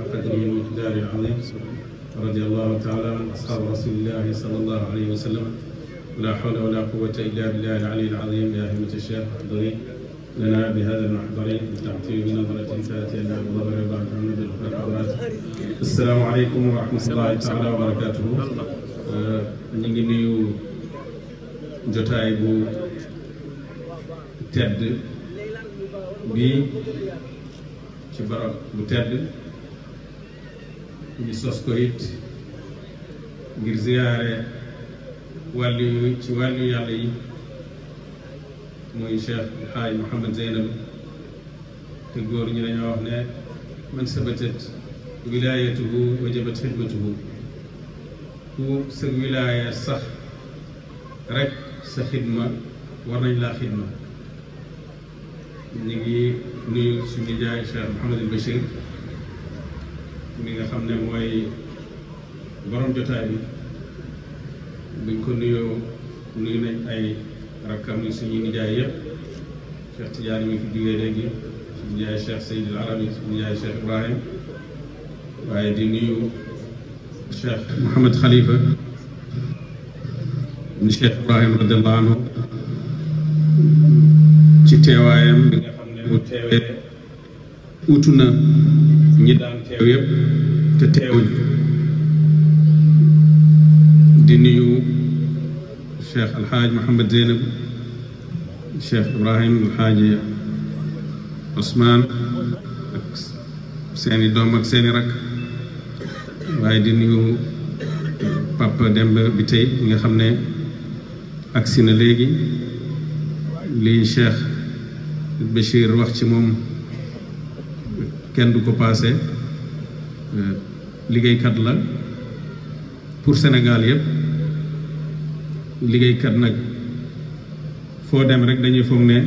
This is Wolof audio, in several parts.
وقدره المقدار العظيم رضي الله تعالى عن أصحاب رسول الله صلى الله عليه وسلم لا حول ولا قوة إلا بالله العلي العظيم يا همة الشيخ حضري لنا بهذا المحضر بتعطيل نظرة الفاتحة إلى مضمر بعد عمد الخيرات السلام عليكم ورحمة الله تعالى وبركاته آه، نجنيو جتائب تد بي ci barab bu tedd ñu sos ko ngir ziyaare wàllu yu ci wàllu yàlla yi muy cheikh alxaaj Mouhamed Zeynab te góor ñi dañoo wax ne man sabatat wilaayatuhu wajabat xidmatuhu ku sa wilaaya sax rek sa xidma war nañ laa xidma ñu ngi nuyu suñu nijaay Cheikh Mouhamadul Bachir mi nga xam ne mooy borom jotaay bi buñ ko nuyoo nuyu nañ ay rakkam yi suñu nijaay yëpp Cheikh Tidiane mi fi jugee léegi suñu nijaay Cheikh Seydil Arabi suñu nijaay Cheikh Ibrahim waaye di nuyu Cheikh Mouhamad Khalifa. Cheikh Ibrahim radiallahu anhu teewaayam bi bu teewee utu na ñi daan teew yépp te teewuñ di nuyu cheikh alxaaj Mohamed Zeynab cheikh Ibrahim alxaaji Ousmane ak seeni doom ak seeni rakk waaye di nuyu Papa Demba bi tey bi nga xam ne agsi na léegi lii cheikh Bachir wax ci moom kenn du ko paase liggéeykat la pour Sénégal yëpp liggéeykat nag foo dem rek dañuy foog ne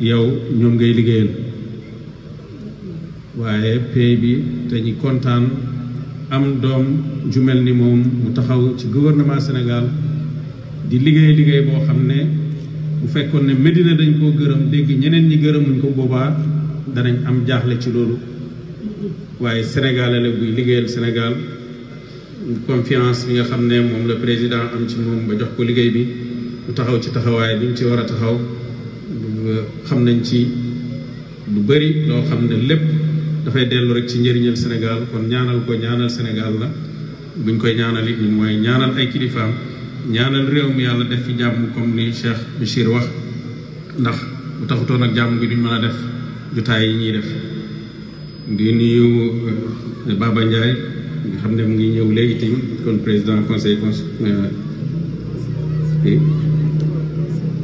yow ñoom ngay liggéeyal waaye pay bi te kontaan am doom ju mel ni moom mu taxaw ci gouvernement Sénégal di liggéey liggéey boo xam ne bu fekkoon ne Medina dañ koo gërëm léegi ñeneen ñi gërëm gërëmuñ ko boobaa danañ am jaaxle ci loolu waaye Sénégal la buy liggéeyal Sénégal confiance bi nga xam ne moom la président am ci moom ba jox ko liggéey bi mu taxaw ci taxawaay bi ci war a taxaw xam nañ ci lu bëri loo xam ne lépp dafay dellu rek ci njëriñal Sénégal kon ñaanal ko ñaanal Sénégal la buñ koy ñaanal it mooy ñaanal ay kilifaam. ñaanal réew mi yàlla def fi jàmm comme ni cheikh bachir wax ndax bu taxutoon ak jàmm gi duñ mën a def jotaay yi ñuy def di nuyu euh, baba ndiaye nga xam ne mu ngi ñëw léegi kon président conseil cons euh,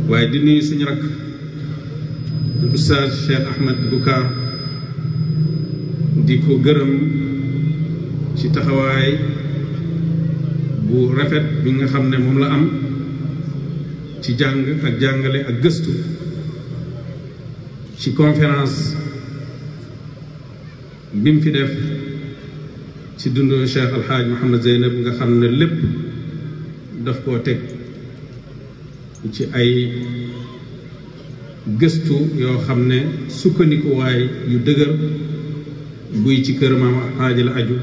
waaye di nuyu suñu rak oustaz cheikh ahmed di ko gërëm ci taxawaay bu rafet bi nga xam ne moom la am ci jàng ak jàngale ak gëstu ci conférence bi mu fi def ci dundu Cheikh Alxaaj Mouhamed Zeynab nga xam ne lépp daf koo teg ci ay gëstu yoo xam ne sukkandikuwaay yu dëgër buy ci kër maam Alxaaj la aju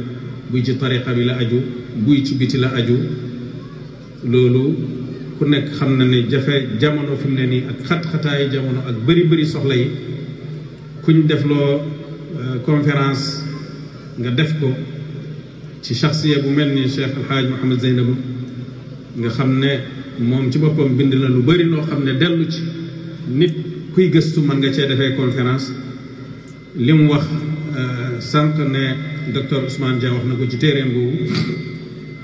buy ci tariqa bi la aju buy ci biti la aju loolu ku nekk xam na ne jafe jamono fi ne nii ak xat-xataayu jamono ak bëri bëri soxla yi kuñ def loo euh, conférence nga def ko ci shaxsiya bu mel ni Cheikh Alhaaj Mouhamed Zeynabu nga xam ne moom ci boppam bind na lu bari loo xam ne dellu ci nit kuy gëstu mën nga cee defee conférence li mu wax euh, sànq ne docteur Ousmane Dia wax na ko ci téeréem boobu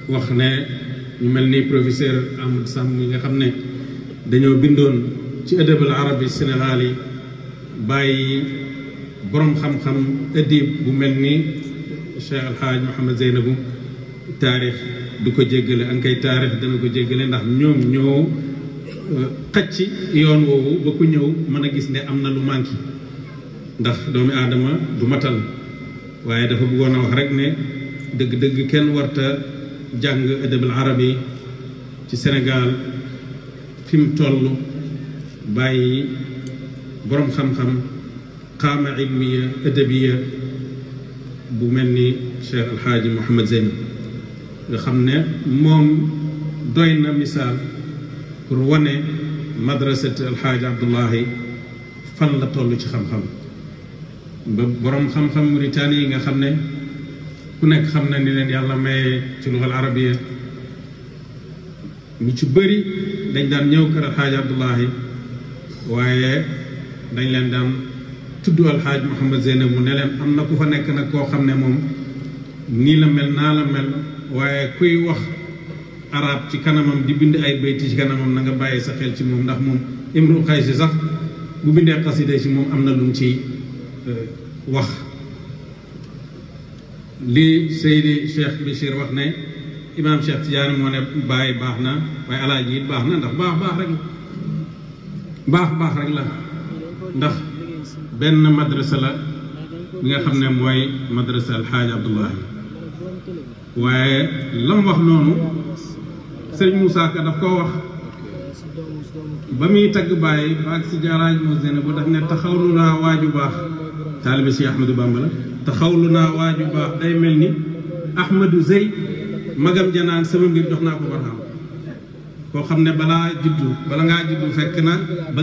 wax ne ñu mel ni professeur Amadou sàmm nga xam ne dañoo bindoon ci ëdëbal arabi sénégal yi bàyyi boroom xam-xam ëdib bu mel ni Cheikh Alhaaj Mouhamed Zeynabu taarix du ko jéggale an kay taarix dana ko jéggale ndax ñoom ñoo euh, xacc yoon woowu ba ku ñëw mën a gis ne am na lu manqué ndax doomi aadama du matal waaye dafa bëggoon a wax rek ne dëgg-dëgg kenn warta jàng adab ëdëbal arabi ci Sénégal fi mu toll bàyyi borom xam-xam qaama ilmiya ëdëbiya bu mel ni Cheikh Alxaaji Mouhamad Zeyni nga xam ne moom doy na misaal pour wane madrasat Alxaaji Abdullahi fan la toll ci xam-xam ba borom xam-xam Mauritanie yi nga xam ne ku nekk xam na ni leen yàlla maye ci luxal arabiya ñu ci bëri dañ daan ñëw kër alxaaj Abdullahi waaye dañ leen daan tudd alxaaj Mouhamad Zeynab mu ne leen am na ku fa nekk nag koo xam ne moom nii la mel naa la mel waaye kuy wax arab ci kanamam di bind ay bayti ci kanamam na nga bàyyi sa xel ci moom ndax moom imru xay si sax bu bindee xasida ci moom am na lum ci Euh, wax li Seydi Cheikh Bichir wax ne imaam Cheikh Tidiane moo ne bàyyi baax na waaye alaaji it baax na ndax baax baax rek baax baax rek la ndax benn madrasa la bi nga xam ne mooy madrasa alxaaj Abdullahi waaye la wax noonu sëriñ Moussa Ka daf koo wax ba muy tagg bàyyi ba ak si jaaraaj mos ne bu daf ne taxaw naa waaju baax taalibe si Ahmadou Bamba la te xawlu naa waaju baax day mel ni Ahmadou Zey magam janaan sama mbir jox naa ko barxam koo xam ne balaa juddu bala ngaa juddu fekk na ba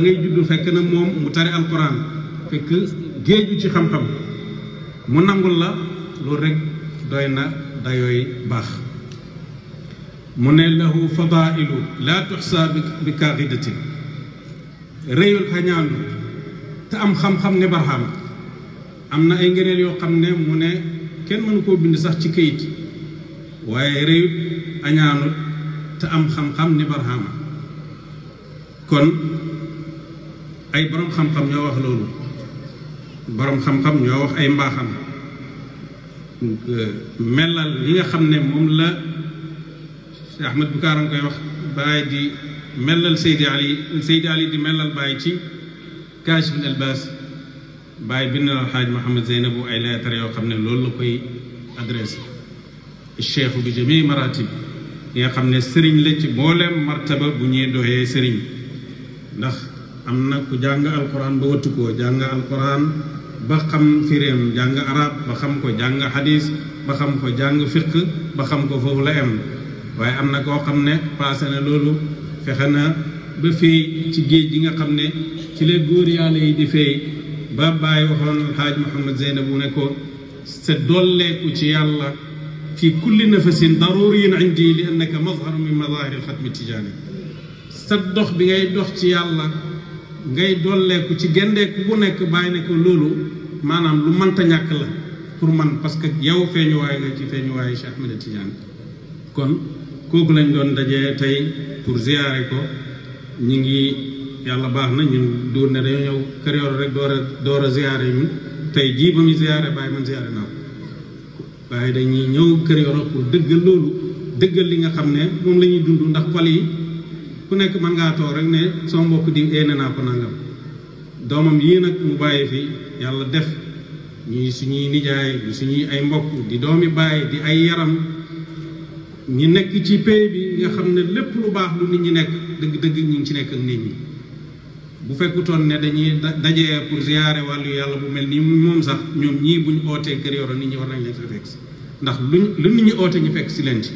fekk na moom mu tari alquran fekk géeju ci xam-xam mu nangul la loolu rek doy na dayooy baax mu ne lahu fadailu laa tuxsa bi kaaxidatin réyul xañaandu te am xam-xam ne barxam amna ay ngeenel yo xamne mu ne kenn mënu ko bind sax ci këyit waye reuy añaanu ta am xam-xam ni barhama kon ay borom xam-xam ño wax lolu borom xam-xam ño wax ay mbaxam melal yi nga xamne mom la cheikh ahmed bukaram koy wax baye di melal seydi ali seydi ali di melal baye ci kaashif al albaas bàyyi bind na alxaaj Mouhamed Zeynabu ay lettre yoo xam ne loolu la koy adressé cheikh bi jami maratib yi nga xam ne sëriñ la ci mboolem martaba bu ñuy doxee sëriñ ndax am na ku jàng alquran ba wattu ko jàng alquran ba xam firéem jàng arab ba xam ko jàng xadis ba xam ko jàng fikk ba xam ko foofu la em waaye am na koo xam ne passé na loolu fexe na ba fii ci géej gi nga xam ne ci la góor yàlla yi di fay ba bàyyi waxoon xaaj Mouhamed Zeynabu ne ko sa dolleeku ci yàlla fi kulli nafasin daruriyin indi li annaka mazharu min mazahiri alxatmi tijaani sa dox bi ngay dox ci yàlla ngay dolleeku ci gendeeku bu nekk bàyyi ne ko loolu maanaam lu mënta ñàkk la pour man parce que yow feeñuwaay nga ci feeñuwaayu Cheikh Ahmed Tidiane kon kooku lañ doon dajee tey pour ziyaare ko ñi ngi yàlla baax nañu ñun duur ne dañoo ñëw kër yor rek door a door a tey jii ba muy ziare bàyyi man ziare naa ko waaye dañuy ñëw kër yor pour dëggal loolu dëggal li nga xam ne moom lañuy dund ndax xol yi ku nekk mën ngaa toog rek ne soo mbokk di eene naa ko nangam doomam yii nag mu bàyyi fii yàlla def ñuy suñuy nijaay ñu suñuy ay mbokk di doomi bàyyi di ay yaram ñu nekk ci pay bi nga xam ne lépp lu baax lu nit ñi nekk dëgg-dëgg ñu ngi ci nekk ak nit ñi bu fekkutoon ne dañuy dajee pour ziyaare wàllu yàlla bu mel nii moom sax ñoom ñii buñ ootee kër yoro nit ñi war nañ leen fekk si ndax luñ lu nit ñi oote ñu fekk si leen ci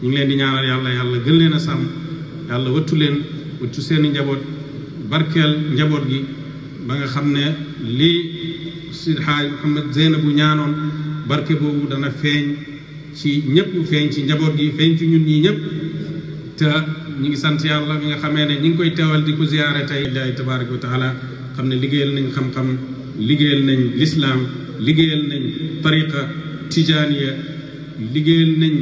ñu ngi leen di ñaanal yàlla yàlla gën leen a sàmm yàlla wattu leen wattu seeni njaboot barkeel njaboot gi ba nga xam ne lii Seydi Haaj Muhammad bu ñaanoon barke boobu dana feeñ ci ñëpp feeñ ci njaboot gi feeñ ci ñun ñii ñëpp ñi ngi sant yàlla mi nga xamee ne ñi ngi koy teewal di ku ziyaare tey laahi tabaraka wa taala xam ne liggéeyal nañu xam-xam liggéeyal nañ lislaam liggéeyal nañ tariqa tijaaniya liggéeyal nañ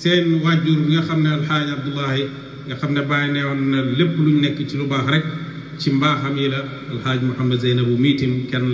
seen waajur bi nga xam ne alxaaji abdullahi nga xam ne bàyyi neewoon na lépp luñ nekk ci lu baax rek ci mbaaxam yi la alxaaji muhammad zeynabu miitim kenn